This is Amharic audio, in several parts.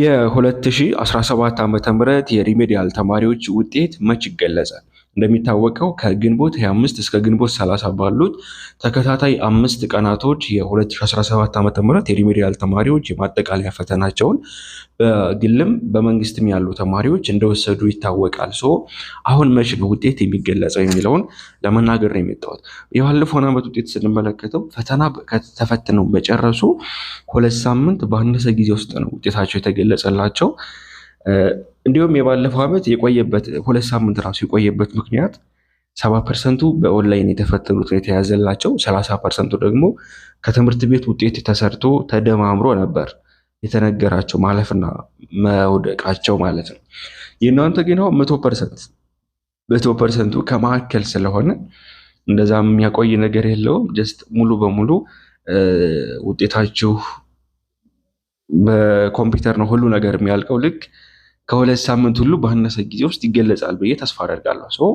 የ2017 ም የሪሜዲያል ተማሪዎች ውጤት መች ይገለጻል? እንደሚታወቀው ከግንቦት 25 እስከ ግንቦት 30 ባሉት ተከታታይ አምስት ቀናቶች የ2017 ዓ ም የሪሜዲያል ተማሪዎች የማጠቃለያ ፈተናቸውን በግልም በመንግስትም ያሉ ተማሪዎች እንደወሰዱ ይታወቃል። ሶ አሁን መቼ ነው ውጤት የሚገለጸው የሚለውን ለመናገር ነው የመጣሁት። የባለፈውን ዓመት ውጤት ስንመለከተው ፈተና ከተፈትነው በጨረሱ ሁለት ሳምንት ባነሰ ጊዜ ውስጥ ነው ውጤታቸው የተገለጸላቸው። እንዲሁም የባለፈው ዓመት የቆየበት ሁለት ሳምንት ራሱ የቆየበት ምክንያት ሰባ ፐርሰንቱ በኦንላይን የተፈተኑት የተያዘላቸው፣ ሰላሳ ፐርሰንቱ ደግሞ ከትምህርት ቤት ውጤት ተሰርቶ ተደማምሮ ነበር የተነገራቸው ማለፍና መውደቃቸው ማለት ነው። የእናንተ ግናው መቶ ፐርሰንት መቶ ፐርሰንቱ ከማካከል ስለሆነ እንደዛ የሚያቆይ ነገር የለውም። ጀስት ሙሉ በሙሉ ውጤታችሁ በኮምፒውተር ነው ሁሉ ነገር የሚያልቀው ልክ ከሁለት ሳምንት ሁሉ ባነሰ ጊዜ ውስጥ ይገለጻል ብዬ ተስፋ አደርጋለሁ። ሶ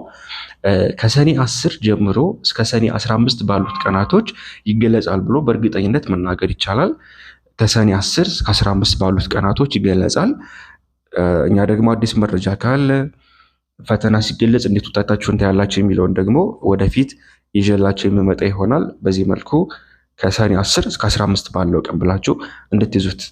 ከሰኔ አስር ጀምሮ እስከ ሰኔ አስራ አምስት ባሉት ቀናቶች ይገለጻል ብሎ በእርግጠኝነት መናገር ይቻላል። ከሰኔ አስር እስከ አስራ አምስት ባሉት ቀናቶች ይገለጻል። እኛ ደግሞ አዲስ መረጃ ካለ ፈተና ሲገለጽ እንዴት እንት ያላቸው የሚለውን ደግሞ ወደፊት ይዤላችሁ የሚመጣ ይሆናል። በዚህ መልኩ ከሰኔ አስር እስከ አስራ አምስት ባለው ቀን ብላችሁ እንድትይዙት